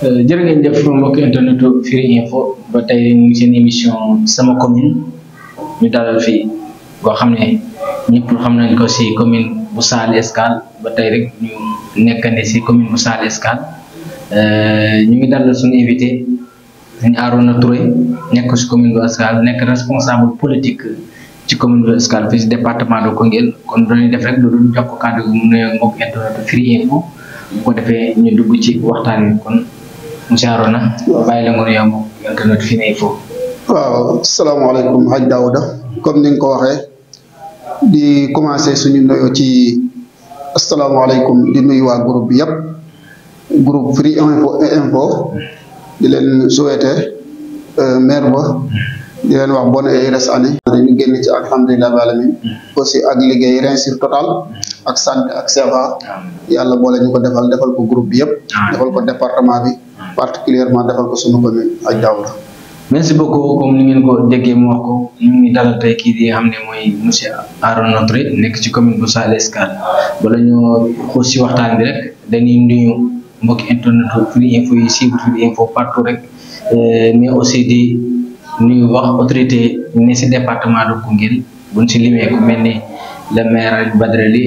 Euh, jërë ngeen jëf mbokk internetu Firi Info ba tey ñu ngi seen émission sama commune ñu dalal fii boo xam ne ñëpp xam nañ ko si commune bu Saly Escale ba tey rek ñu nekkane si commune bu Saly Escale euh, ñu ngi dalal suñu invité ñu na Touré nekk si commune bu Escale nekk responsable politique ci commune bu Escale fii si département de Koungheul kon dañuy def rek loolu jox ko kàddu gi mu nuyoo mbokk internetu Info bu ko defee ñu dugg ci waxtaan wi kon. monsieur Arona waaw salaamaaleykum Hadj Daouda comme ni nga ko waxee di commencé suñu nuyoo ci asalaamaaleykum di nuyu waa groupe bi yëpp groupe Fini Infos di leen souhaiter euh, maire ba di leen wax bonne et heureuse année. ñu génn ci alhamdulilah alamin aussi ak liggéey réussite totale. ak santé ak seva yàlla boole ñu ko defal defal ko groupe bi yëpp. defal ko département bi. particulièrement defal ko sunu commune ak Diawla. merci beaucoup comme ni ngeen ko déggee mu wax ko ñu ngi dalal tey kii di xam ne mooy monsieur Arona nekk ci commune bu Saly Escale bala ñu xuus si waxtaan bi rek dañuy nuyu mbokki internet Firi Infos yi suivre Firi Infos partout rek euh, mais aussi di. nuy wax autorité ni si département de Koungheul buñ si limee ku mel ni le maire Badara Ly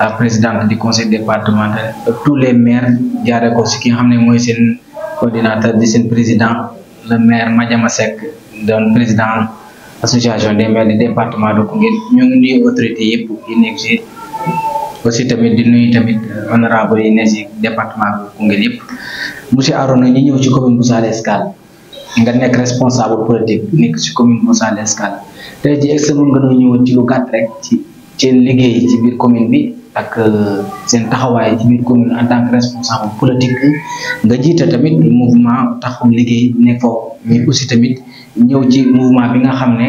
ak présidente du conseil départemental tous les maires jaaree ko si ki nga xam ne mooy seen coordinateur di seen président le maire Madiama Seck doon président association des maires du département de Koungheul ñoo ngi nuyu autorité yëpp yi nekk si aussi tamit di nuyu tamit honorable yi nekk département bu Koungheul yëpp monsieur Arona ñu ñëw ci commune bu Saly Escale nga nekk responsable politique nekk ci commune Moussa Escale tey jii est-ce nga doon ñëwoon ci lu gàtt rek ci liggéey ci biir commune bi ak euh, seen taxawaay ci biir commune en tant que responsable politique nga jiite tamit mouvement taxawu liggéey ne foofu mais aussi tamit ñëw ci mouvement bi nga xam ne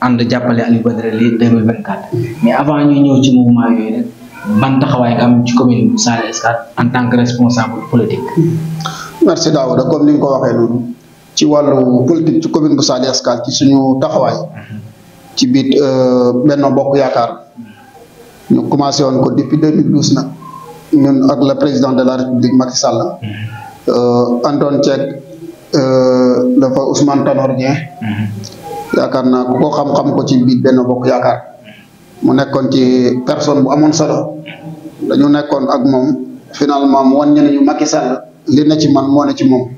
ànd jàppale Aliou Badara Ly 2024 mais avant ñu ñëw ci mouvement yooyu rek ban taxawaay nga am ci commune Moussa Escale en tant que responsable politique. merci Daouda comme ni nga waxee noonu. ci walu politique ci commune Moussa Sali Escale ci suñu taxaway ci bit euh benno bokk yakar ñu commencé won ko depuis 2012 nak ñun ak le président de la République Macky Sall euh Antoine Tiek euh dafa Ousmane Tanor Dieng yaakar na ko xam xam ko ci bit benno bokk yakar mu nekkon ci personne bu amone solo dañu nekkon ak mom finalement mo won ñene ñu Macky Sall li na ci man mo na ci mom mm -hmm.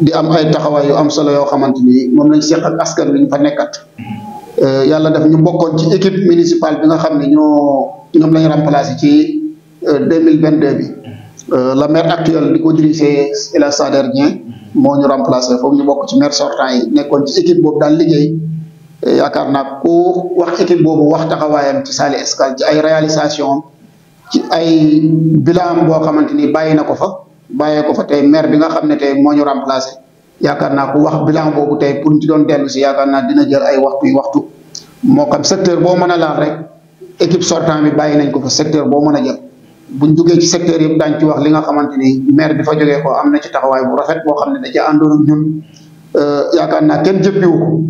di am ay taxaway yu am solo yo xamanteni mom moom lañ seq ak askan wiñ fa nekkat euh, yalla def ñu bokkon ci équipe municipale bi nga xamni ño ñom ñoom lañ ci 2022 euh, bi euh la maire actuelle di dirigé El Hadj Sader Dieng ñu remplacer fo ñu bokk ci maire sortant yi nekkon ci équipe bobu dal liggéey euh, yaakaar naa ku wax équipe bobu wax taxawayam ci Saly Escale ci ay réalisation ci ay bilan bo xamanteni bayina ko fa baye ko fa tay maire bi nga xamne tay moñu ya, remplacer ñu na ko wax bilan bobu tay pour ñu ci doon delu ci yaakaar na dina jël ay waxtu yu waxtu mo xam kan secteur bo meuna a laal rek équipe sortant bi baye nañ ko fa secteur bo meuna jël buñ duggé ci secteur yëpp dañ ci wax li nga xamanteni maire bi fa joggé ko amna ci taxaway bu rafet bo xamne da ci àndoon ak ñun eh, yaakaar na kenn jëppi wu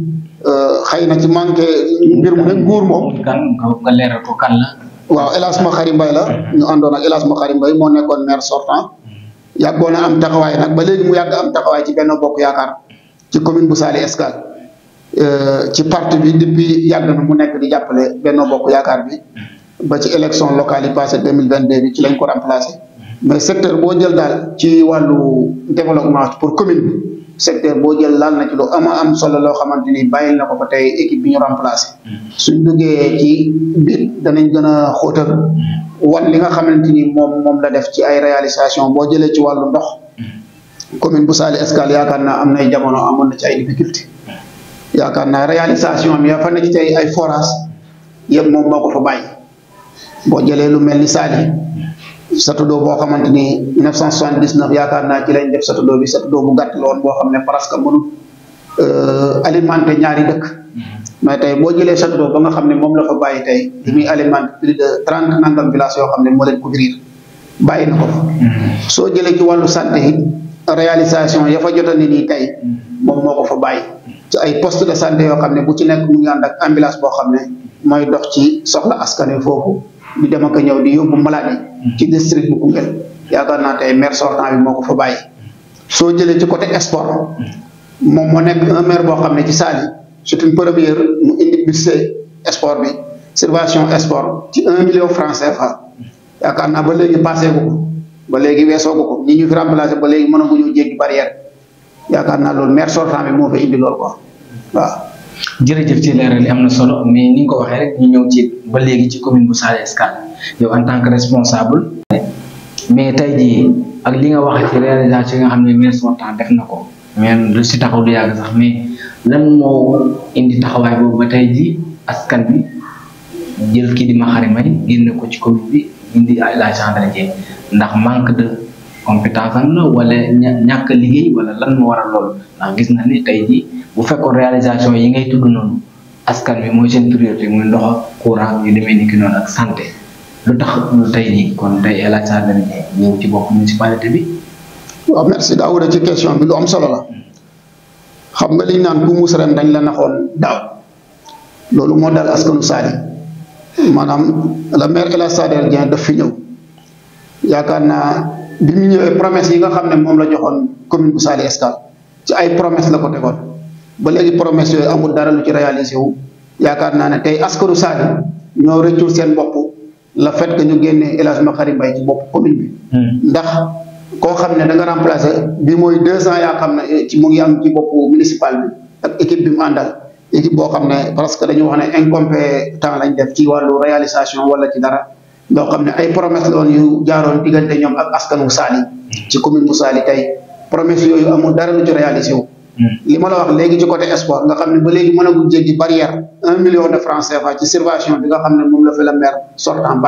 euh xeyna ci manké mbir mu ne nguur moom. kan nga leeral ko kan la. waaw El Hadj Makhari la ñu andon ak El Hadj Makhari Mbaye moo maire sortant. yàggoon a am taxawaay nag ba léegi mu yàgg am taxawaay ci benn bokk yaakaar ci commune bu Saly Escale euh, ci parti bi depuis yàgg na mu nekk di jàppale benn bokk yaakaar bi ba ci élection locale yi passé deux mille vingt deux bi ci lañ ko remplacé mais secteur boo jël daal ci wàllu développement pour commune secteur boo jël laal na ci lu am solo loo xamante ni bàyyil na ko fa tey équipe bi ñu remplacé suñ duggee ci biir danañ gën a xóotal wan li nga xamante ni moom moom la def ci ay réalisation boo jëlee ci wàllu ndox commune bu saali Escale yaakaar naa am nay jamono amoon na ci ay difficulté yaakaar naa réalisation am yaa fan ne ci tey ay forage yëpp moom moo ko fa bàyyi boo jëlee lu mel ni saali satu boo bo xamanteni 1979 yaakaar ci lañ def satudo bi do bu gatt la bo xamne presque ne presque mënul alimenter ñaari dëkk tay bo jëlé jëlee satudo ba nga xamne mom la fa bayyi tay li muy alimenter plus de 30 nangam village yo xamne mo leen ko bàyyi bayyi nako fa soo jëlee ci walu santé réalisation ya fa jotani ni tay mom moko fa bayyi ci ay poste de santé yo xamne bu ci nek mu ñu and ak ambulance bo xamne ne dox ci soxla askane fofu ñu dem ñëw di yóbbu malade yi mm-hmm. ci district bu Koungheul yaakaar naa tey maire sortant bi moo ko fa bàyyi. Mm-hmm. soo jëlee ci côté sport mm-hmm. moom moo nekk un maire boo xam ne ci saali c'est une première mu indi budget sport bi subvention sport ci un million franc CFA yaakaar naa ba léegi passé gu ko ba léegi weesoo gu ko ñi ñu fi remplacé ba léegi mënaguñu jéggi barrière yaakaar naa loolu maire sortant bi moo fa indi loolu quoi waaw. jërëjëf ci leeral yi am na solo mais ni nga ko waxee rek ñu ñëw ci ba léegi ci commune bu Saly Escale yow en tant que responsable mais tey jii ak li nga wax ci réalisation yi nga xam ne maire sortant ko mais lu si taxaw du yàgg sax mais lan moo indi taxawaay boobu ba tey jii askan bi jël kii di Maxari Mbaye génn ko ci commune bi indi la gendarmerie ndax manque de compétence am la wala ñàkk liggéey wala lan moo waral loolu ndax gis na ne tey jii bu fekkoon réalisation yi ngay tudd non askan bi mooy seen priorité muy ndox courant yu demee ni ki noonu ak santé lu tax lu tey nii kon tey El Hadj Sarr dana ñu ci bokk municipalité bi. waaw merci Daouda ci question bi lu am solo la xam nga liñ naan bu muus ren dañ la naxoon daaw loolu moo dal askanu Saly maanaam la maire El Hadj Sader Dieng daf fi ñëw yaakaar naa bi mu ñëwee promesse yi nga xam ne moom la joxoon commune bu Saly Escale ci ay promesse la ko tegoon. ba léegi promesse yooyu amul dara lu ci réalisé wu yaakaar naa ne tey askaru Sadio ñoo rëccul seen bopp la fait que ñu génnee El Hadj Makhari Mbaye ci bopp commune hmm. ndax koo xam ne da nga remplacé bi mooy deux ans yaa xam ne ci mu ngi am ci bopp bi ak équipe bi mu àndal boo xam ne parce que dañu wax ne incompétent lañ def ci wàllu réalisation wala ci dara. loo xam ne ay promesse la yu jaaroon diggante ñoom ak askanu Saly hmm. ci commune bu saali tey promesse yooyu amul dara lu ci réalisé wu. li ma la wax léegi ci côté espoir nga xam ne ba léegi mën a gu jéggi barrière un million de francs CFA ci subvention nga xam ne moom la fi la maire sortant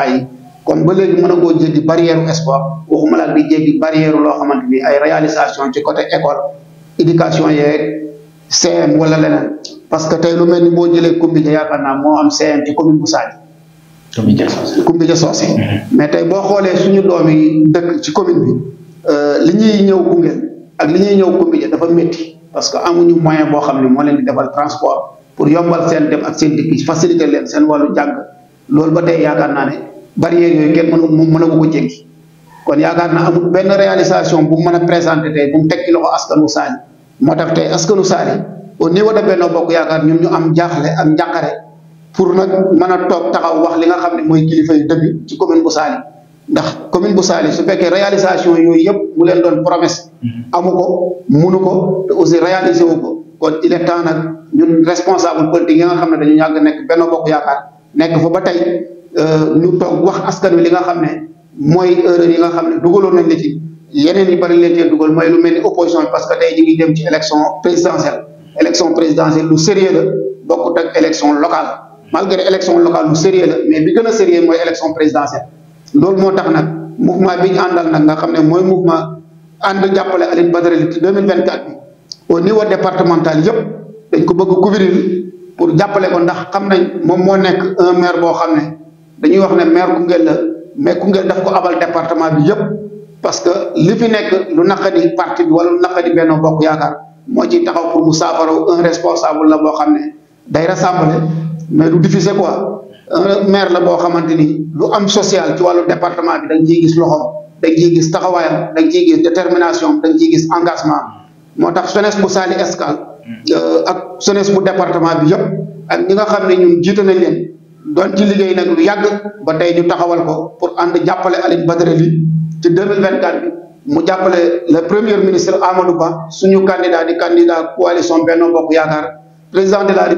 kon ba léegi mën a goo jéggi barrière espoir waxuma la di jéggi barrière loo xamante ni ay réalisation ci côté école éducation yeeg CM wala leneen parce que tey lu mel ni boo jëlee Koumbi ja yaakaar commune bu Sadio Koumbi ja Socé Koumbi mm-hmm. mais tey boo xoolee suñu doom yi dëkk ci commune bi euh, li ñuy ñëw Koungheul ak li ñuy ñëw Koumbi ja dafa métti parce que amuñu moyen boo xam ne moo leen di defal transport pour yombal seen dem ak seen dikk faciliter leen seen wàllu jàng loolu ba tey yaakaar naa ne barrières yooyu kenn mënu moom mënagu ko jéggi kon yaakaar naa amul benn réalisation bu mën a présenter tey bu mu tekki loxo askanu Saly moo tax tey askanu Saly au niveau de Benno Bokk Yaakaar ñun ñu am jaaxle ak njàqare pour nag mën a toog taxaw wax li nga xam ne mooy kilifa yu dëgg ci commune bu Saly ndax commune bu Saly su fekkee réalisation yooyu yëpp mu leen doon promesse mm-hmm. amu ko munu ko te aussi réaliser wu ko kon il est temps nag ñun responsable politique yi nga xam ne dañu yàgg nekk benn bokk yaakaar nekk fa ba tey euh, ñu toog wax askan wi li nga xam ne mooy erreur yi nga xam ne dugaloon nañ la ci yeneen yi bari leen cee dugal mooy lu mel ni opposition bi parce que tey ñu ngi dem ci élection présidentielle élection présidentielle lu sérieux la bokkut ak élection locale malgré élection locale lu sérieux la mais bi gën a sérieux mooy élection présidentielle loolu moo tax nag mouvement bi ñu àndal nag nga xam ne mooy mouvement ànd jàppale Alioune Badara Ly ci 2024 bi au niveau départemental yëpp dañ ko bëgg couvrir pour jàppale ko ndax xam nañ moom moo nekk un maire boo xam ne dañuy wax ne maire Koungheul la mais Koungheul daf ko abal département bi yëpp parce que li fi nekk lu naqadi parti bi wala lu naqadi Benno Bokk Yaakaar moo ciy taxaw pour mu saafara un responsable la boo xam ne day rassembler mais lu diffise quoi Euh, maire la boo xamante ni lu am social ci wàllu département bi da nga gis loxoom da nga ciy gis taxawaayam da nga ciy gis détermination da nga ciy gis engagement moo tax jeunesse bu Saly Escale. Euh, ak jeunesse bu département bi yëpp. ak ñi nga xam ne ñu jiite nañ leen doon ci liggéey nag lu yàgg ba tey ñu taxawal ko pour ànd jàppale Alioune Badara Ly ci 2024 bi mu jàppale le premier ministre Amadou Ba suñu candidat di candidat coalition benn mbokk Yaakaar président de la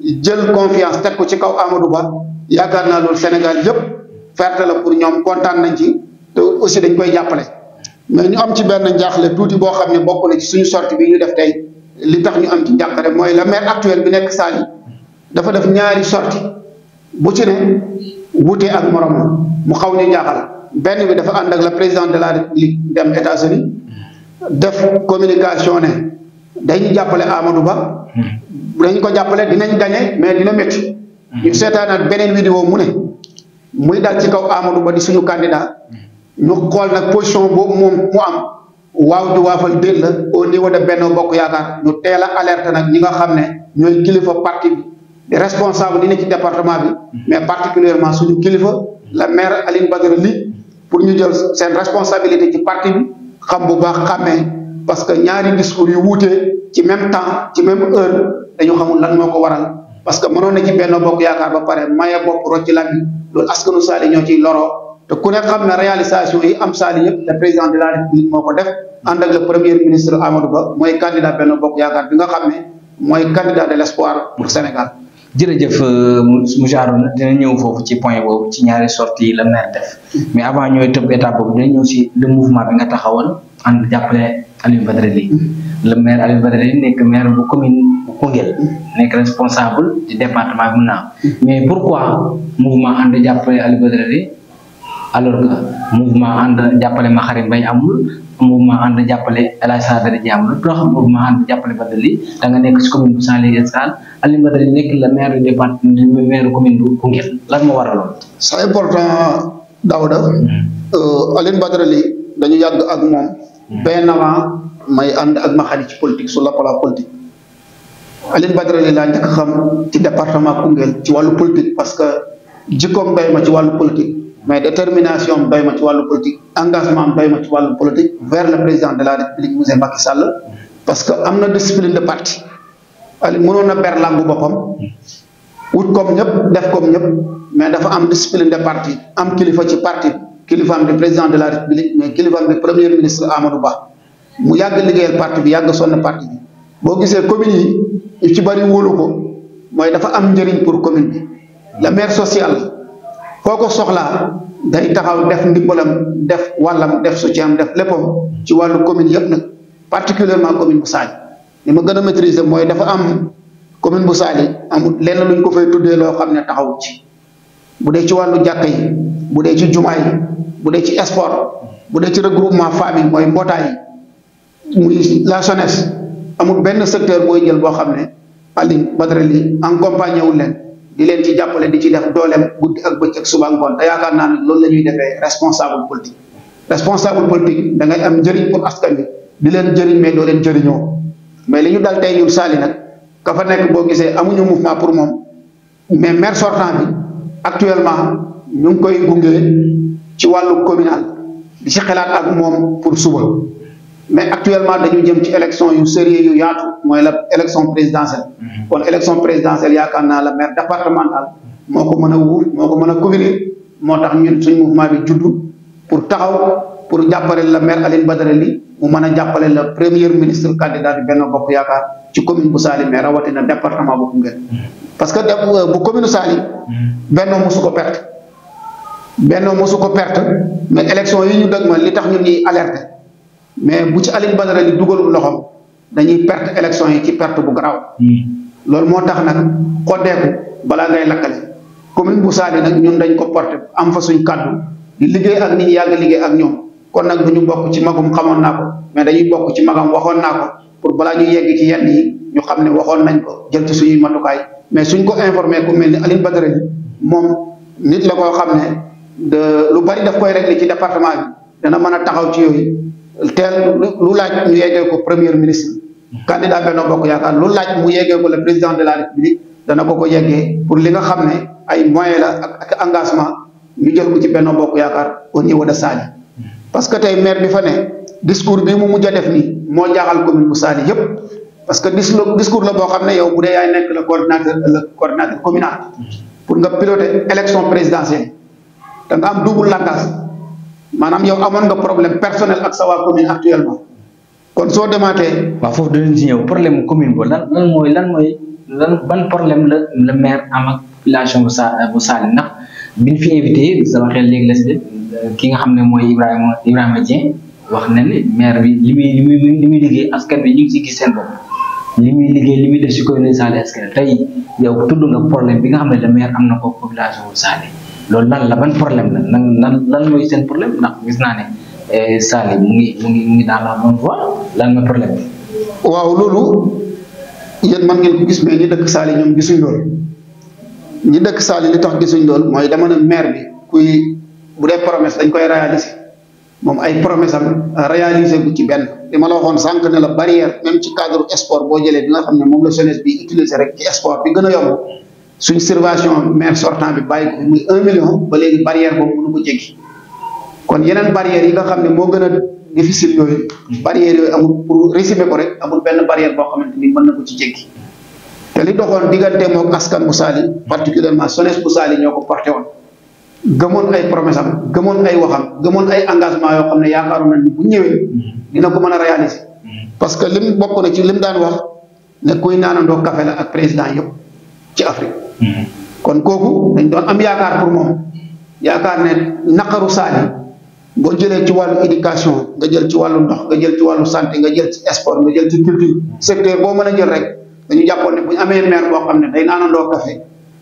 jël confiance teg ko ci kaw Amadou Ba yaakaar naa loolu Sénégal yëpp ferte la pour ñoom kontaan nañ ci te aussi dañ koy jàppale mais ñu am ci benn njaaxle tuuti boo xam ne bokk na ci suñu sortie bi ñu def tey li tax ñu am ci njàqare mooy la maire actuel bi nekk Saly dafa def ñaari sorti bu ci ne wutee ak moroom mu xaw ñu jaaxal benn bi dafa ànd ak le président de la république dem États-Unis def communication ne dañu jàppale Amadou Ba dañ ko jàppale dinañ gagné mais dina métti. ñu mm-hmm. seetaanaat beneen vidéo mu ne muy dal ci kaw Amadou Ba di suñu candidat mm-hmm. ñu xool nag position boobu moom mu am waaw du waafal déet la au niveau de benn Bokk Yaakaar ñu teel a alerte ñi nga xam ne ñooy kilifa parti bi responsable dina ci département bi mm-hmm. mais particulièrement suñu kilifa la maire Aline Badara Ly pour ñu jël seen responsabilité ci parti bi xam bu baax xàmmee parce que ñaari discours yu wuute ci même temps ci même heure dañu xamul lan moo ko waral parce que moo na ci benn bokk yaakaar ba pare maye bopp rocci lami loolu askanu Saly ñoo ciy loroo te ku ne xam ne réalisation yi am Saly yëpp le président de la république moo bokk yaakaar bi nga xam ne mooy candidat de l' pour Sénégal. jërëjëf monsieur Arouna dina ñëw foofu ci point boobu ci ñaari sorties yi la maire def mais avant ñooy tëb étape boobu dina ñëw si le mouvement bi nga taxawal ànd jàppale. Aliou Badara Ly le maire Aliou Badara Ly nekk maire bu commune bu Koungheul nekk responsable du département bi a mais pourquoi mouvement ànd jàppale Aliou Badara Ly alors que mouvement ànd jàppale Makhari Mbaye amul mouvement ànd jàppale jàppale Badara Ly da nga nekk si commune bu Saly Escale Aliou Badara Ly nekk le maire hmm. euh, dañu yàgg ak moom. Mm. benn avant may ànd ak ci politique su lappalaa politique Alioune Badara Ly laa njëkk xam ci département Koungheul ci wàllu politique parce que jikkoom bay ma ci wàllu politique mais détermination bay ma ci wàllu politique engagement bay ma ci wàllu politique vers le président de la république monsieur Macky Sall parce que am na discipline de parti Alioune mënoon na ber làmbu boppam wut comme ñëpp def comme ñëpp mais dafa am discipline de parti am kilifa ci parti kilifaam di président de la république mais kilifaam di premier ministre Amadou Ba mu yàgg liggéeyal parti bi yàgg sonn parti bi boo gisee commune yi yu ci bari wóolu ko mooy dafa am njëriñ pour commune bi le maire social foo ko soxla day taxaw def ndimbalam def wàllam def soutien def léppam ci wàllu commune yëpp nag particulièrement commune bu Saly li ma gën a maîtriser mooy dafa am commune bu amul lenn luñ ko fay tuddee loo xam ne taxawu ci bu dee ci wàllu jàkka yi bu dee ci jumaa yi bu dee ci sport bu dee ci regroupement famille mooy mbootaay muy la jeunesse amul benn secteur booy jël boo xam ne Alioune Badara Ly accompagné wul leen di leen ci jàppale di ci def dooleem guddi ak bëccëg suba ngoon te yaakaar naa ne loolu la ñuy defee responsable politique responsable politique da ngay am njëriñ pour askan bi di leen jëriñ mais doo leen jëriñoo mais li dal tey ñun saali nag ka fa boo gisee amuñu mouvement pour moom mais maire sortant actuellement ñu ngi koy gunge ci wàllu communal di ci xalaat ak moom pour suba mais actuellement dañu jëm ci élection yu sérieux yu yaatu mooy la élection présidentielle mhm. kon élection présidentielle yaakaar naa la maire départemental moo ko mën a wuuf moo ko mën a couvrir moo tax ñun suñ mouvement bi juddu pour taxaw pour jàppale la maire Alioune Badara Ly mu mën a jàppale la premier ministre candidat benn Benno Bokk Yaakaar ci commune bu Saly mais rawatina département bu Koungheul parce que euh, bu commune Saly hmm. benn mosu ko perte benn mosu ko perte mais élection yi ñu dëgmal li tax ñu nii alerte mais bu ci Aliou Badara li dugalul loxoom dañuy perte élection yi ci perte bu garaaw hmm. loolu moo tax nag xoddeeku balaa ngay lakkale commune bu Saly nag ñun dañ ko porté am fa suñ kàddu di liggéey ak nit ñi yàgg liggéey ak ñoom kon nag bu ñu bokk ci magum xamoon naa ko mais dañuy bokk ci magam waxoon naa ko pour balaa ñu yegg ci yenn yi ñu xam ne waxoon nañ ko jël ci suñuy matukaay mais suñ ko informé ku mel ni Alioune Badara moom nit la koo xam ne lu bari def koy réglé ci département bi dana mën a taxaw ci yooyu teel lu laaj ñu yeggee ko premier ministre. candidat Benno Bokk Yaakaar lu laaj mu yeggee ko le président de la république dana ko ko yeggee pour li nga xam ne ay moyens la ak ak engagement ñu jël mu ci Benno Bokk Yaakaar au niveau de Saly. parce que tey maire bi fa ne discours bi mu mujj a def nii moo jaaxal commune bu Saly yëpp. parce que discours la boo xam ne yow bu dee yaay nekk le coordinateur le pour nga piloter élection présidentielle da nga am double langage maanaam yow amoon nga problème personnel ak sawa waa commune actuellement kon soo demaatee. waaw foofu dinañ si ñëw problème commune boobu lan lan mooy lan mooy ban problème la le maire am ak population bu Sa bu Saly ndax fi invité sama xel léegi la ki nga xam ne mooy Ibrahima a Dieng wax na ne maire bi li muy li muy liggéey askan bi ñu ngi si gis seen bopp. li muy liggéey li muy def si commune Saly Escale tey yow tudd nga problème bi nga xam ne le maire am na ko population wu Saly loolu lan la ban problème la nan nan lan mooy seen problème na gis naa ne eh, mu ngi mu ngi la bonne problème bi. waaw loolu yéen ngeen ko gis mais ñi dëkk Saly ñoom gisuñ loolu ñi dëkk Saly li tax gisuñ loolu mooy dama ne maire bi kuy bu dee promesse dañ koy réaliser moom ay promesse am euh, réalisé gu ci benn li ma la waxoon sànq ne la barrière même ci cadre sport boo jëlee bi nga xam ne moom la jeunesse bi utilisé rek ci sport bi gën a yomb suñ subvention maire sortant bi bàyyi ko muy un million ba léegi barrière boobu mënu ko jéggi kon yeneen barrières yi nga xam ne moo gën a difficile yooyu barrières yooyu amul pour résumer ko rek amul benn barrière boo xam xamante ni mën na ko ci jéggi te li doxoon diggante mook askan bu Saly particulièrement jeunesse bu Saly ñoo ko porté woon gëmoon ay promesse am gëmoon ay waxam gëmoon ay engagement yoo xam ne yaakaaroon nañ ni bu ñëwee dina ko mën a réaliser parce que lim bokk na ci lim daan wax ne kuy naanandoo kafe la ak président yëpp ci Afrique kon kooku dañ doon am yaakaar pour moom yaakaar ne naqaru saali boo jëlee ci wàllu éducation nga jël ci wàllu ndox nga jël ci wàllu santé nga jël ci sport nga jël ci culture secteur boo mën a jël rek dañu jàppoon ne bu ñu amee maire boo xam ne day naanandoo café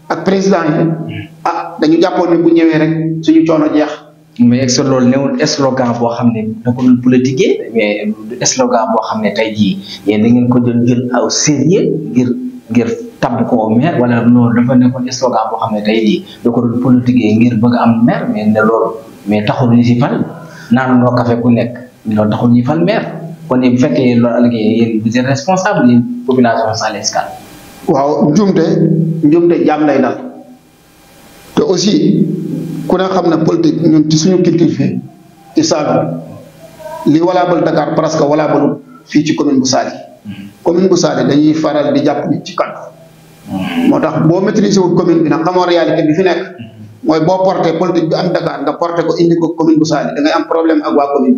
ak président yi ah dañu jàppoon ne bu ñëwee rek suñu coono jeex. mais est-ce que loolu newul slogan boo xam ne da ko doon politiquer mais slogan boo xam ne tey jii yéen da ngeen ko doon jël aw sérieux ngir ngir tabb ko maire wala loolu dafa nekkoon slogan boo xam ne tey jii da ko doon ngir bëgg am maire mais ne loolu mais taxul ñu si fal naan noo kafe ku nekk loolu taxul ñu fal maire kon bu fekkee loolu ëllëg yéen vous êtes responsable yéen population Saly Escale. waaw njuumte njuumte jàmm lay dal. te aussi ku na xam politique ñun ci suñu culture fi ci Saalum li bal Dakar presque bal fi ci commune bu sali commune bu sali dañuy faral di japp ni ci kan motax bo maîtriser wu commune bi na xamo réalité bi fi nek moy bo porter politique bi am Dakar nga porter ko indi ko commune bu sali da ngay am problème ak wa commune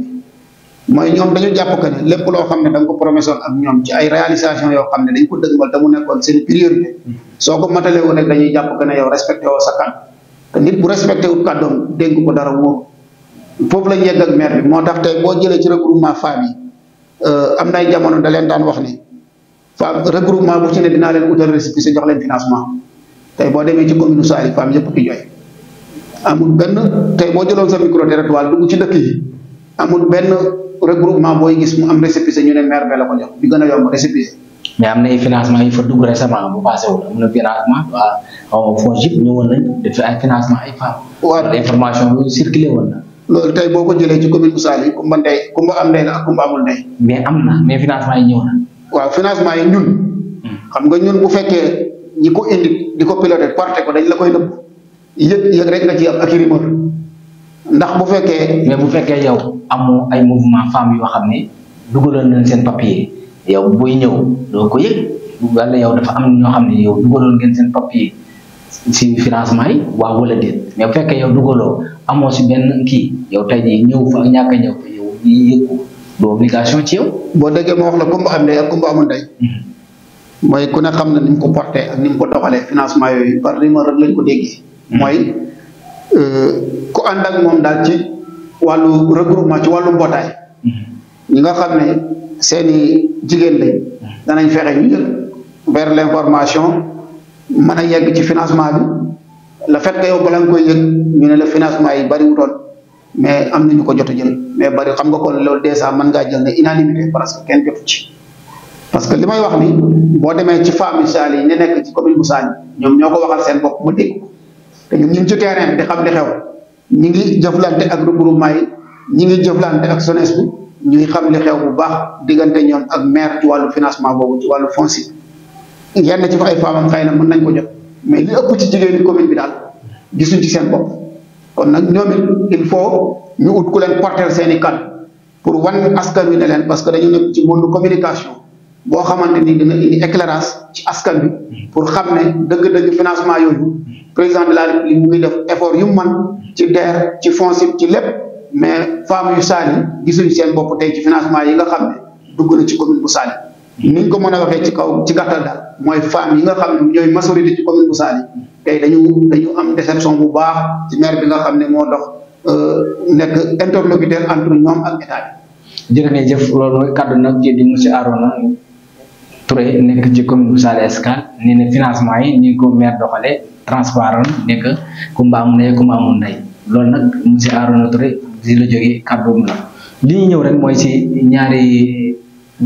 bi mooy ñoom dañu japp que ne lepp lo xamne dang ko promesson ak ñom ci ay réalisation yo xamne dañ ko dëgmal te mu nekkon seen priorité soko matalé wu nek dañuy japp que ne yow respecté woo sa kan nit bu respecté wut kàddoom dénk ko dara moom foofu lañ yegg ak maire bi moo tax tey boo jëlee ci regroupement femmes yi euh, am nay jamono da leen daan wax ni femme regroupement bu ci ne dinaa leen utal récépissé jox leen financement tey boo demee ci commune Saly femmes yëpp ki jooy amul benn tey boo jëloon sa micro territoire dugg ci dëkk yi amul benn regroupement booy gis mu am récépissé ñu ne maire bi la ko jox bi gën a yomb récépissé mais am na ay financement yi fa dugg récemment bu passé wul na financement waa xaw financement ay waaw information bi circulé woon loolu tey boo ko jëlee ci commune bu Saly kumba ndey kumba am ndey la ak kumba amul ndey. mais am na mais financement yi ñëw na. waaw financement yi ñun. Hmm. xam nga ñun bu fekkee ñi ko indi di ko piloté porté ko dañ la koy nëbb yëg rek nga ci am ak rumeur ndax bu fekkee. mais bu fekkee yow amoo ay mouvement femmes yoo xam ne dugaloon nañ seen papier. yow buy ñëw doo ko yëg wala yow dafa am ñoo xam ne yow dugaloon ngeen seen papier si financement yi waaw wala déet mais fekkee yow dugaloo amoo si benn kii yow tey jii ñëw fa ak ñàkk a ñëw fa yow ñuy obligation ci yow. boo déggee ma wax la kumba am ndey ak kumba mhm. mooy ku ne xam na ni mu ko porté ak ni mu ko doxale financement yooyu par numéro rek lañ ko déggee. Mhm. mooy euh, ku ko ak moom daal ci wàllu regroupement ci wàllu mbootaay. Mhm. nga xam ne. seeni jigéen lañ danañ fexe ñu jël vers information man a yegg ci financement bi le fait que yow bala nga koy yëg ñu ne la financement yi bari wutoon mais am na ñu ko jot a jël mais bari xam nga kon loolu dèjà mën ngaa jël ne parce que kenn jotu ci. parce que li wax ni boo demee ci femmes incha yi ne nekk ci commune bu Sagne ñoom ñoo ko waxal seen bopp mu dégg te ñun ñu ngi ci terrain bi di xam li xew ñi ngi jëflante ak yi ñi ngi jëflante ak SONES bi. ñuy xam li xew bu baax diggante ñoom ak maire ci wàllu financement boobu ci wàllu foncier yenn ci fa ay femmes xëy na mën nañ ko jot mais li ëpp ci jigéen ñi commune bi daal gisuñ ci seen bopp kon nag ñoom il faut ñu ut leen porter seen i kan pour wan askan wi ne leen parce que dañu nekk ci monde communication boo xamante ni dina indi éclairage ci askan bi pour xam ne dëgg-dëgg financement yooyu président de laal li mu ngi def effort yu man ci DER ci foncier ci lépp. mais femmes yu saani gisuñ seen bopp tey ci financement yi nga xam ne dugg na ci commune bu saani niñ ko mën a waxee ci kaw ci gàttal daal mooy femmes yi nga xam ne ñooy majorité ci commune bu saani tey dañu dañu am déception bu baax ci maire bi nga xam ne moo dox euh, nekk interlocuteur entre ñoom ak état bi ngeen jëf loolu kaddu nag ci di monsieur Arona Touré nekk ci commune bu Saly Escale nee na financement yi ni ko maire doxalee transparent nekk ku mbaamu ndey ku mbaamu ndey loolu nag monsieur Arona Touré di la jóge kàddoom la li ñu ñëw rek mooy si ñaari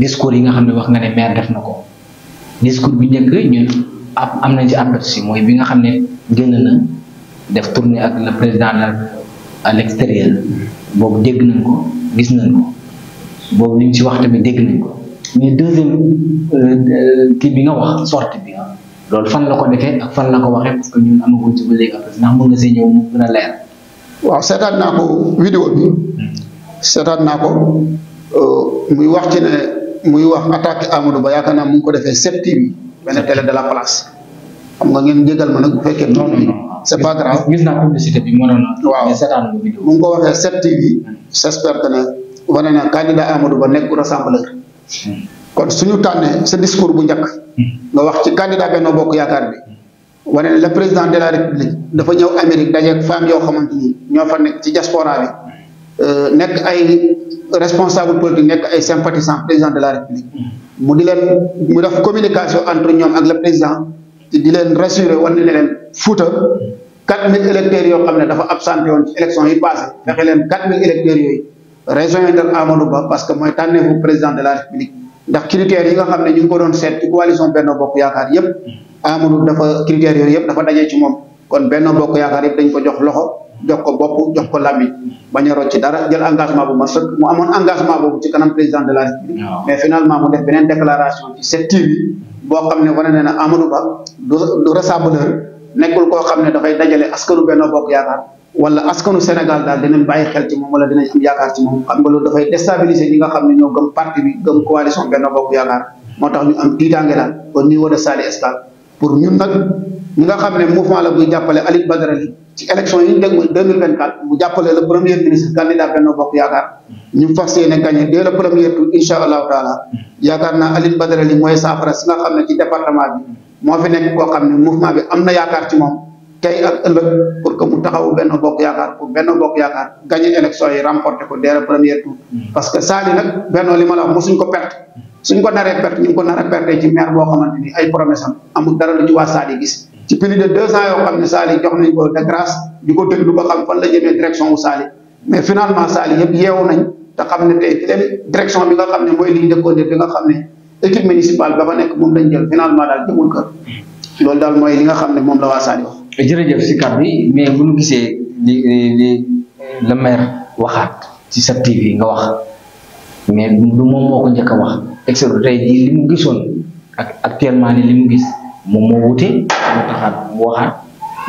discours yi nga xam ne wax nga ne maire def na ko discours bi njëkk ñun am nañ ci aperçu mooy bi nga xam ne génn na def tournée ak le président à l'extérieur boobu dégg nañ ko gis nañ ko boobu li ñu ci wax tamit dégg nañ ko mais deuxième euh, kii bi nga wax sortie bi nga loolu fan la ko defee ak fan la ko waxee parce que ñun amaguñ ci ba léegi ñëw mu gën leer. waaw seetaan naa ko vidéo bi seetaan naa ko euh, muy wax ci ne muy wax attaque Amadou Ba yaakaar naa mu ngi ko defee 7 benn télé de la place xam nga ngeen jégal ma nag bu fekkee noonu bi c'est pas grave gis naa publicité bi moo waaw mu ngi ko waxee 7TV j'espère que ne wane na candidat Amadou Ba nekkul rassembleur hmm. kon suñu tànnee sa discours bu njëkk hmm. nga wax ci candidat Benno Bokk Yaakaar bi wane ne président de la république dafa ñëw Amérique dajeeg femme yoo xamante ni ñoo fa nekk ci diaspora bi euh, nekk ay responsable politique nekk ay sympathisant président de la république mm. mu di leen mu def communication entre ñoom ak le président di leen rassurer wane ne leen Fouta 4000 électeurs yoo xam ne dafa absenté woon ci élection yi passé fexe leen 4000 électeurs yooyu rejoindre Amadou Ba parce que mooy tànneefu président de la ndax critères yi nga xam ne ñu ngi ko doon seet ci coalition Benno Bokk Yaakaar yépp Amadou dafa critères yooyu yëpp dafa dajee ci moom kon benn Bokk Yaakaar yëpp dañ ko jox loxo jox ko bopp jox ko lammi bañ a rocc dara jël engagement bu ma mu amoon engagement boobu ci kanam président de la République mais finalement mu def beneen déclaration ci 7 xam ne wane na ne Amadou Ba du du rassembleur nekkul koo xam ne dafay dajale askanu Benno Bokk Yaakaar wala askanu Sénégal daal dinañ bàyyi xel ci moom wala dinañ am ci moom xam nga loolu dafay déstabiliser ñi nga xam ne ñoo gëm parti bi gëm coalition Benno Bokk Yaakaar moo tax ñu am tiitaange daal au niveau pour ñun nag ñi nga xam ne mouvement la buy jàppale Aliou Badara li ci élection yi ñu dégg mooy deux mille vingt quatre bu jàppale le premier ministre candidat Benno Bokk Yaakaar ñu fas yéene gagné dès le premier tour incha allahu taala yaakaar naa Aliou Badara li mooy saafara si nga xam ne ci département bi moo fi nekk koo xam ne mouvement bi am na yaakaar ci moom. tey ak ëllëg pour que mu taxaw benn bokk yaakaar pour benn bokk yaakaar gagné élection yi remporté ko dès le tour. parce que Saly nag benn li ma ko perte. suñ ko naree perte ñu ngi ko nar a perte ci maire boo xam ne fan la jëmee direction bi nga xam ne mooy liñ dëkkoon bi nga xam ne équipe municipale ba fa moom lañ jël finalement loolu daal mooy li nga xam ne moom la waa Saly wax. jere jërëjëf ci kaddi mais bu ñu gisee li li le maire waxat ci sa TV nga wax mais du moom moko ñëk wax excel tay jii li mu gisoon ak actuellement ni li mu gis moom mo wuté mo taxat waxat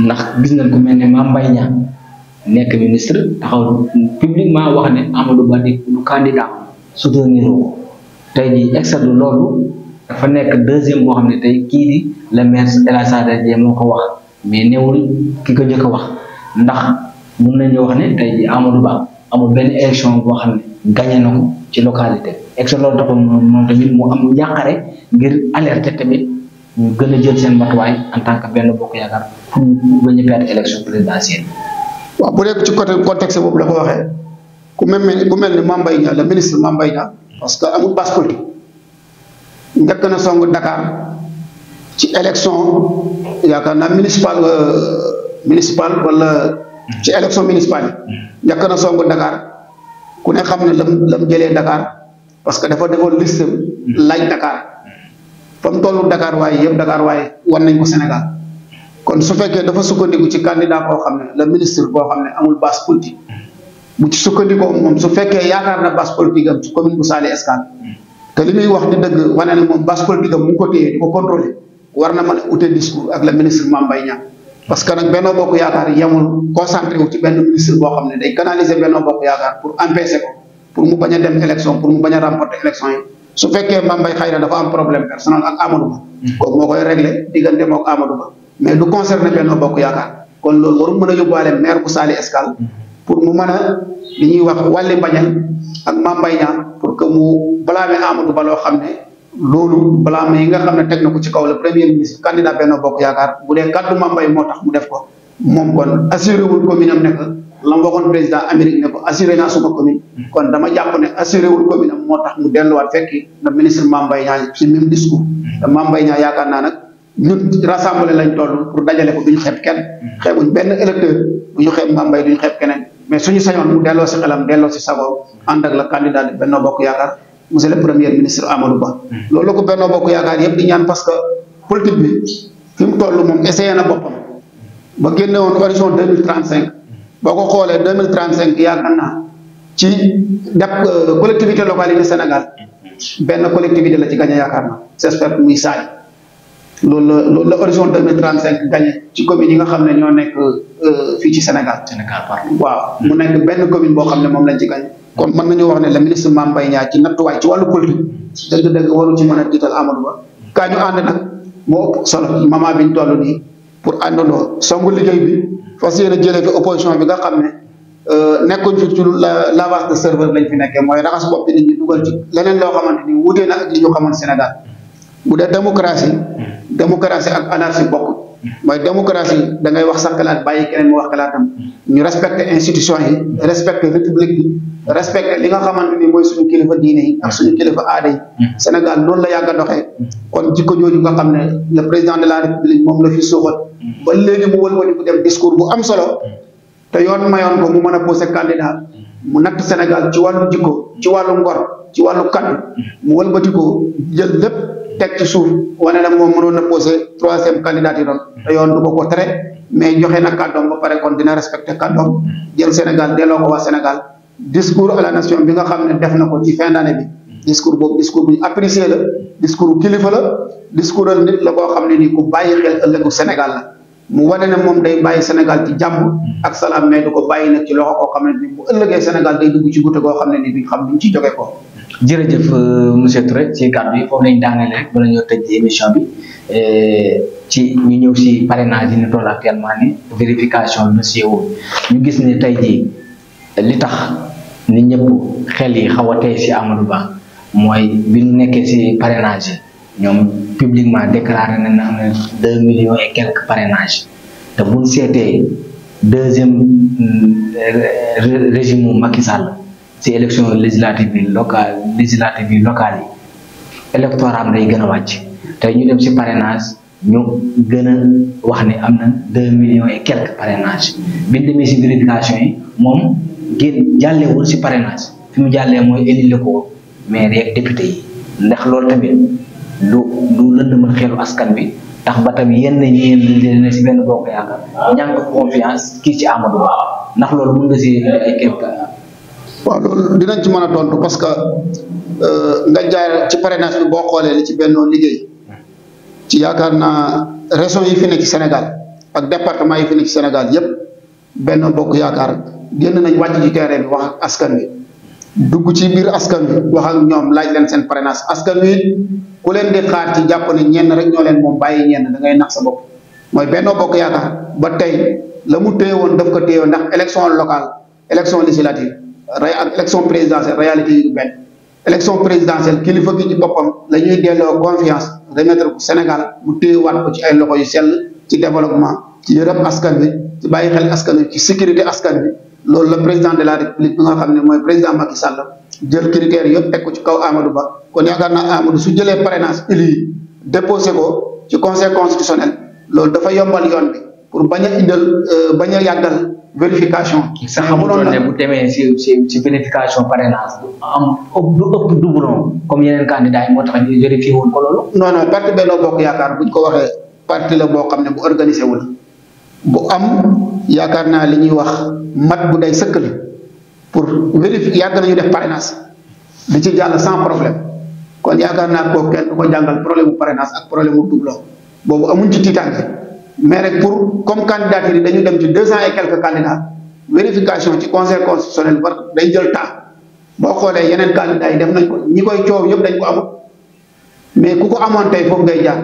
nak gis nañ ko melni ma mbay Mbaye nek ministre taxaw publiquement wax né Amadou Ba du candidat soutenir ko tay jii excel lolu dafa nek deuxième bo xamné tay ki di le maire El Hadj Sadar Dieng wax. mais newul ki ko njëkk wax ndax mun nañu wax ne te jii Amadou Ba amul benn élection boo xam ne gagné ci localité exo loolu dafa moom tamit mu am yàqare ngir alerter tamit ñu gën a jël seen matuwaay en tant que benn bokk yaakaar pour bañ a perdre élection présidentielle. waaw bu dee ci côté contexte boobu la ko waxee ku mel ni ku mel ne Mame Mbaye Niang le ministre Mame Mbaye Niang parce que amul base politique njëkk na song Dakar. ci élection yaakaar naa municipal euh, municipal wala ci élection municipale yi njëkk na song Dakar ku ne xam ne lam lam jëlee Dakar parce que dafa defoon liste laaj Dakar fa mu tollu Dakar waaye yëpp Dakar waaye wan nañ ko Sénégal kon su fekkee dafa sukkandiku ci candidat koo xam ne le ministre boo xam ne amul base politique bu ci sukkandikoo moom su fekkee yaakaar na base politique am ci commune bu Saly Escale te li muy wax di dëgg wane ne moom base politique am mu ngi ko téye ko contrôlé warna man outé discours ak le ministre Mame Mbaye Niang parce que nak Benno Bokk yaakar yamul concentré wu ci benn ministre bo xamné day canaliser Benno Bokk yaakar pour empêcher ko pour mu baña dem élection pour mu baña remporter élection yi su fekkee Mame Mbaye xëy dafa am problème personnel ak Amadou Ba ko mo koy réglé diggante mook Amadou Ba mais du concerné Benno Bokk yaakar kon lool waru mëna a maire bu Saly Escal pour mu mëna li ñuy wax walé bañal ak Mame Niang pour que mu blâmer Amadou Ba lo xamné loolu blâme yi nga xam ne teg na ko ci kaw la premier ministre candidat benn Bokk Yaakaar bu dee kàddu Mame mbay moo tax mu def ko moom kon assuré wul commune am ne que la mu waxoon président Amérique ne ko assuré naa kon dama jàpp ne assuré wul commune am moo tax mu delluwaat fekki na ministre Mame Mbaye Niang ci même discours. te Mame Mbaye yaakaar naa nag ñun rassemblé lañ toll pour dajale ko du ñu xeeb kenn. xeebuñ benn électeur du ñu xeeb Mame Mbaye du ñu xeeb keneen mais suñu sañoon mu delloo si xelam delloo si sago ànd ak la candidat Benno Bokk Yaakaar. monsieur le premier ministre Amadou Ba. loolu ko Benno Bokk Yaakaar yëpp di ñaan parce que politique bi fi mu toll moom essayé na boppam ba génne woon horizon deux mille trente cinq boo ko xoolee deux mille trente cinq yaakaar naa ci def euh, collectivité locale yi di Sénégal benn collectivité la ci gagné yaakaar naa j'espère que muy saay loolu la loolu la horizon deux mille cinq gagné ci commune yi nga xam ne ñoo nekk euh, fii ci Sénégal. Sénégal waaw mu nekk benn commune boo xam ne moom lañ ci gagné. kon mën nañoo wax ne le ministre Mame Mbaye Niang ci nattuwaay ci wàllu politique dëgg-dëgg waru ci mën a tiital Amadou Ba kaa ñu ànd nag moo ëpp solo moment biñ toll nii pour àndandoo songu liggéey bi fas yéene jëlee fi opposition bi nga xam ne euh, nekkuñ fi la la de serveur lañ fi nekkee mooy raxas bopp nit ñi dugal ci leneen loo xamante ni wutee na ak li ñu xamoon Sénégal mu dee démocratie démocratie ak anarchie bokkul mooy démocratie da ngay wax sa xalaat bàyyi keneen mu wax xalaatam ñu respecté institution yi respecte république bi respecté li nga xamante ni mooy suñu kilifa diine yi ak suñu kilifa aada yi mm. Sénégal noonu la yàgg a kon jikko jooju nga xam ne le président de la république moom la fi suuxal mm. ba léegi mu wëlwali ku dem discours bu am solo te yoon ma yoon ko mu mën a posé candidat mu natt Sénégal ci wàllu jikko ci wàllu ngor ci wàllu kaddu mu wëlbati ko jël lépp teg ci suuf wane na moom mënoon na posé troisième candidature doon mm. te yoon du ko ko tere mais joxe na kàddoom ba pare kon dina respecté kàddoom mm. jël Sénégal delloo ko waa Sénégal discours à la nation bi nga xam ne def na ko ci fin d'année bi mm. discours boobu discours bu ñu apprécié la discours kilifa la discours al nit la ko xam ne nii ku bàyyi xel ëllëgu Sénégal la mu wane ne moom day bàyyi Sénégal ci jàmm ak salaam mais du ko bàyyi nag ci loxo koo xam ne nii bu ëllëgee Sénégal day dugg ci guddi goo xam ne ni duñ xam duñ ci jóge ko jërëjëf euh, monsieur Touré ci kàddu yi foofu lañ daanele rek bala ñoo tëj émission bi euh, ci ñu ñëw si parrainage yi ñu toll actuellement ni vérification dossier wu ñu gis ni tey jii li tax ni ñëpp xel yi xaw a si Amadou Ba mooy bi ñu nekkee si parrainage ñoom publiquement déclaré nañ ne am na deux millions et quelques parrainage te buñ seetee deuxième euh, régime Macky Sall si élection législative bi locale législative yi locale yi électorat am day gën a wàcc tey ñu dem si parrainage ñu gën wax ne am na deux millions et quelques parrainage bi ñu demee si vérification yi moom génn jàllewul si parrainage fi mu jàllee mooy élire ko maire yeeg yi ndax loolu tamit lu lu lëndëmal xelu askan bi tax ba tamit yenn ñi ngeen ne si benn bokk yaakaar ñàkk confiance kii ci Amadou ndax loolu mën nga si ay quelques waaw loolu dinañ ci mën a tontu parce que euh, nga jaar ci parrainage bi boo xoolee li ci Benno liggéey ci yaakaar naa région yi fi nekk ci Sénégal ak département yi fi nekk ci Sénégal yépp Benno Bokk Yaakaar génn nañ wàcc ci terrain bi wax ak askan wi dugg ci biir askan wi wax ak ñoom laaj leen seen parrainage askan wi ku leen di xaar ci jàpp ne ñenn rek ñoo leen moom bàyyi ñenn da ngay nax sa bopp mooy Benno Bokk Yaakaar ba tey la mu téye woon daf ko téye woon ndax élection locale élection législative élection présidentielle réalité yi du benn élection présidentielle kilifa gi ci boppam la ñuy delloo confiance remettre ko Sénégal mu téyewaat ko ci ay loxo yu sell ci développement ci yërëm askan bi ci bàyyi xel askan bi ci sécurité askan bi loolu la président de la république bi nga xam ne mooy président Macky Sall jël critères yëpp teg ko ci kaw Amadou Ba kon yaakaar naa Amadou su jëlee parrainage élu yi déposé ko ci conseil constitutionnel loolu dafa yombal yoon pour bañ a indal bañ a yàggal vérification. sa xamuloon na bu demee si si si vérification parrainage du am du ëpp doublon comme yeneen candidat yi moo tax ñu vérifié woon ko loolu. non non parti Benno Bokk Yaakaar buñ ko waxee parti la boo xam bu organisé wul bu am yaakaar naa li ñuy wax mat bu day sëkk la pour vérifier yàgg nañu def parrainage di ci jàll sans problème kon yaakaar naa kooku kenn du ko jàngal problème bu parrainage ak problème bu doublon boobu amuñ ci tiitaange. mais rek pour comme candidature yi dañu dem ci deux cent et quelques candidats vérification ci conseil constitutionnel ba day jël temps boo xoolee yeneen candidats yi def nañ ko ñi koy coow yëpp dañu ko amul mais ku ko amoon tey foofu ngay jaar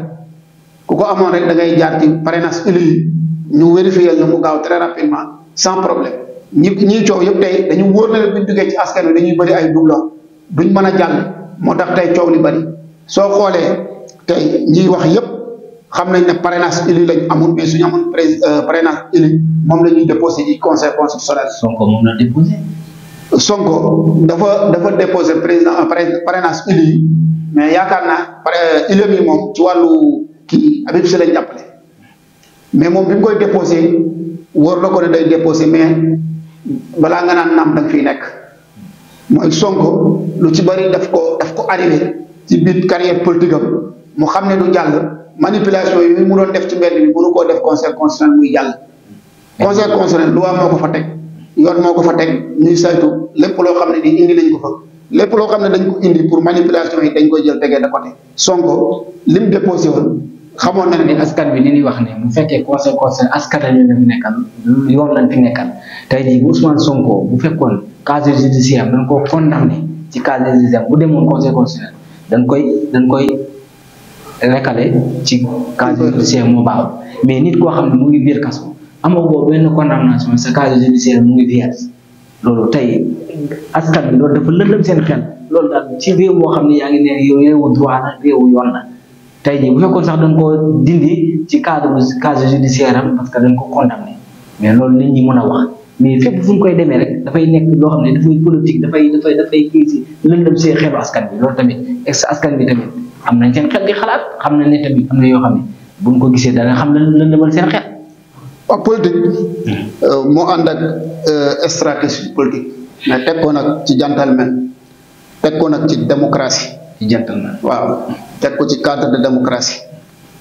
ku ko amoon rek da ngay jaar ci parrainage élu ñu vérifier ñu mu gaaw très rapidement sans problème ñi ñiy coow yëpp tey dañu wóor na buñ duggee ci askan wi dañuy bëri ay doublon duñ mën a jàll moo tax tey coow li bëri soo xoolee tey ñiy wax yëpp. xam nañ ne parrainage élu lañ amoon mais suñu amoon pré euh, parrainage moom la ñuy déposé ci conseil constitutionnel. Sonko moom la déposé. Sonko dafa dafa déposé président euh, parrainage élu yi mais yaakaar naa pare euh, élu yi moom ci wàllu kii Habib Sy lañ jàppale mais moom bi mu koy déposé wóor la ko ne day déposé mais balaa nga naan naam da nga fiy nekk mooy Sonko lu ci bari daf ko daf ko arrivé ci biir carrière politique am mu xam ne du jàll. manipulation yooyu mu doon def ci mbedd bi mënu koo def conseil constitutionnel muy jàll. conseil constitutionnel loi moo ko fa teg yoon moo ko fa teg ñuy saytu lépp loo xam ne ni indi lañ ko fa lépp loo xam ne dañ ko indi pour manipulation yi dañ koy jël tegee de côté. Sonko li mu déposé woon xamoon na ni askan bi li ñuy wax ne bu fekkee conseil constitutionnel askan la ñu leen nekkal yoon lañ fi nekkal tey jii Ousmane Sonko bu fekkoon casier judiciaire dañ koo condamné ci casier judiciaire bu demoon conseil constitutionnel dañ koy dañ koy. lekkale ci casier judiciaire mo baaxul mais nit koo xam ne mu ngi biir kaso amagoo benn condamnation sa casier judiciaire mu ngi vierge loolu tey askan bi loolu dafa lëndëm seen xel loolu ci réew moo xam ne yaa ngi ne réewu droit la réewu yoon la tey jii bu fekkoon sax dañ ko dindi ci cadre casier judiciaire am parce que dañ ko condamné mais loolu nit ñi mën a wax mais fépp fu koy demee rek dafay nekk loo xam ne dafay politique dafay dafay dafay kii si lëndëm seen xelu askan bi loolu tamit askan bi tamit. xam nañ seen xel di xalaat xam nañ ne tamit am na yoo xam ne bu ñu ko gisee dana xam lan lan demal seen xel. Euh, moo ànd ak euh, stratégie politique mais teg ko nag ci gentleman teg ko nag ci démocratie. ci gentleman waaw teg ko ci cadre de démocratie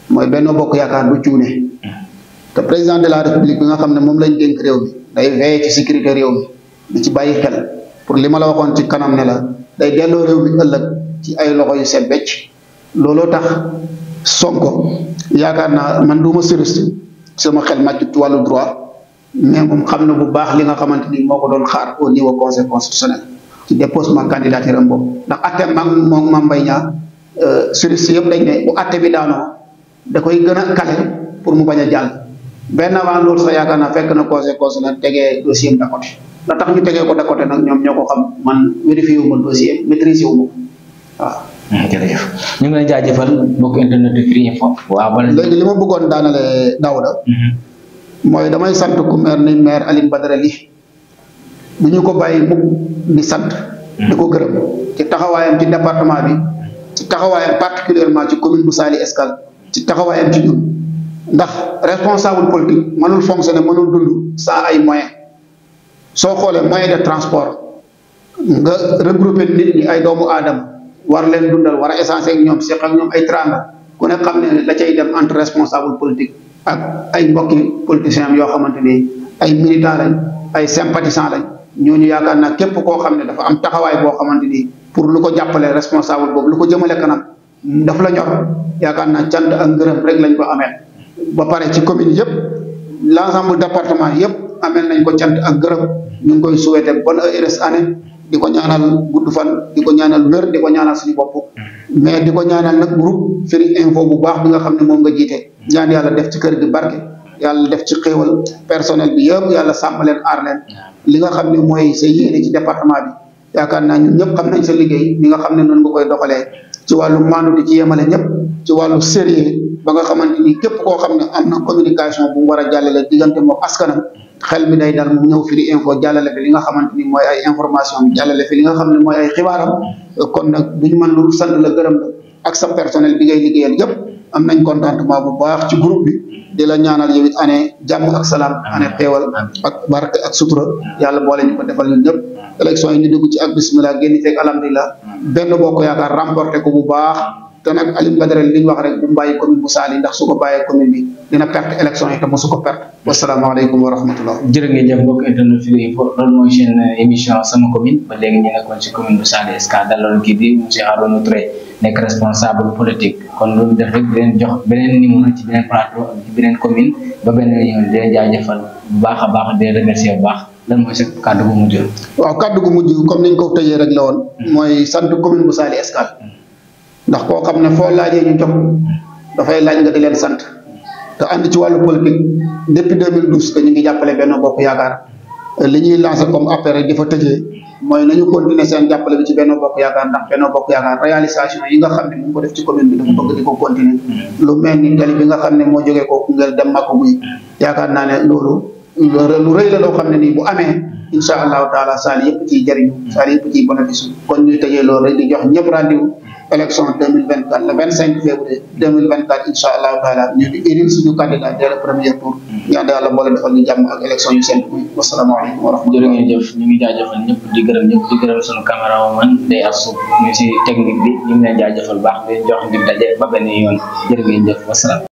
mooy Benno Bokk Yaakaar bu cuune te président de la république nga xam ne moom lañ dénk réew mi day veillé réew mi di ci bàyyi xel pour li ma la waxoon ci kanam ne la day delloo réew mi ëllëg ci ay loxo yu set becc lolo tax sonko yaakaar na man douma ma sama xel màcc ci walu droit mais moom xamna bu baax li nga xamanteni moko don xaar au niveau conseil constitutionnel ci dépose ma candidature mbok ndax até ma mo ma mbay euh juriste yëm dañ né bu até bi daano da koy gëna a pour mu baña jall ben avant lolu sax yaakaar na fekk na conseil constitutionnel tégué dossier da côté la tax ñu tégué ko da côté nag ñoom ñoo ko xam man vérifier wu ma dossier maîtriser wu ma waaw jërëjëf ñu ngi lay jaajëfal mbokk internet de Firi Info. waaw bala léegi li ma bëggoon daanale Daouda. Mhm. mooy damay sant ku maire ni maire Alioune Badara Ly du ñu ko bàyyi mukk di sant. di ko gërëm ci taxawaayam ci département bi ci taxawaayam particulièrement ci commune bu Saly Escale ci taxawaayam ci ñun ndax responsable politique mënul fonctionner mënul dund sans ay moyens soo xoolee moyen de transport nga regrouper nit ñi ay doomu aadama. war leen dundal war a échanger ak ñoom seq ak ñoom ay tranga ku ne xam ne la cay dem entre responsable politique ak ay mbokki politiciens am yoo xamante ni ay militants lañ ay sympathisants lañ ñooñu yaakaar na képp koo xam ne dafa am taxawaay boo xamante ni pour lu ko jàppale responsable boobu lu ko jëmale kanam daf la ñor yaakaar naa cant ak ngërëm rek lañ ko amee. ba pare ci commune yëpp l' ensemble département yëpp amel nañ ko cant ak gërëm ñu ngi koy souhaité bonne heureuse année di ñaanal guddu fan di ñaanal wér di ñaanal suñu bop mais di ñaanal nak groupe firi info bu baax bi nga xamne ne nga jité ñaan yalla def ci kër gi barké yalla def ci xéewal personnel bi yëpp yalla sàmm arlen li nga xamne moy mooy sa yéene ci département bi yaakaar na ñun ñëpp xam nañ sa liggéey mi nga xamne non nga koy doxalé ci walu maandu di ci yémalé ñëpp ci walu sérieux ba nga xamanteni ni képp ko xamne amna communication bu wara war digënté mo askanam xel mi day dal mu ñëw firi info jallale fi li nga xamanteni moy ay information jallale fi li nga xam moy ay xibaaram kon nak duñu man lu sant la gëreem ak sa personnel bi ngay liggéeyal yëpp am nañ contentement bu baax ci groupe bi di la ñaanal yewit it jamm ak salam année xéewal ak barke ak sutura yalla bo ñu ko defal ñun ñëpp élection yi ñu dugg ci ak bismillah génn feeg alhamdulillah benn bokk yaakaar remporté ko bu baax té nak alim Badara liñ wax rek bu mu bàyyi commune bu Saly ndax su ko bàyyee commune bi dina perte élection yi te mosu ko perte. wasalaamaaleykum wa rahmatullah. jërë ngeen jëf mbokk internet fii pour loolu mooy seen eh, émission sama commune ba légui ñu nekkoon ci commune bu Saly dalol daloon kii di ci Arono Touré nek responsable politique kon lu def rek di leen jox beneen numéro ci benen plateau ak ci benen commune ba beneen yoon dé jaajeufal bu baaxa baax dé remercier bu baax. lan moy sax cadeau bu mujj. waaw cadeau bu mujj comme niñ ko tayé rek la won moy hmm. sante commune bu Saly Escale. ndax koo xam ne foo laajee ñu jox dafay laaj nga di leen sant te ànd ci wàllu politique depuis 2012 que ñu ngi jàppale benn bokk yaakaar li ñuy lancé comme appel di fa tëjee mooy nañu continuer seen jàppale bi ci benn bokk yaakaar ndax benn bokk yaakaar réalisation yi nga xam ne mu ngi ko def ci commune bi dafa bëgg di ko continuer ni tali bi nga xam ne moo jógee ko Koungheul dem Makoboy yaakaar naa ne loolu. lu rëy la loo xam ne nii bu amee incha allahu taala saal yëpp ciy jëriñu saal yëpp ciy bénéfice kon ñuy tëjee loolu rek di jox ñëpp rendez-vous élection 2024 le 25 février 2024 incha allahu taala ñu di élire suñu candidat dès le premier tour ñaan yàlla boole defal ñu jàmm ak élection yu seen bi wasalaamaaleykum wa rahmatulah jërë ngeen jëf ñu ngi jaajëfal ñëpp di gërëm ñëpp di gërëm suñu caméraman day technique bi ñu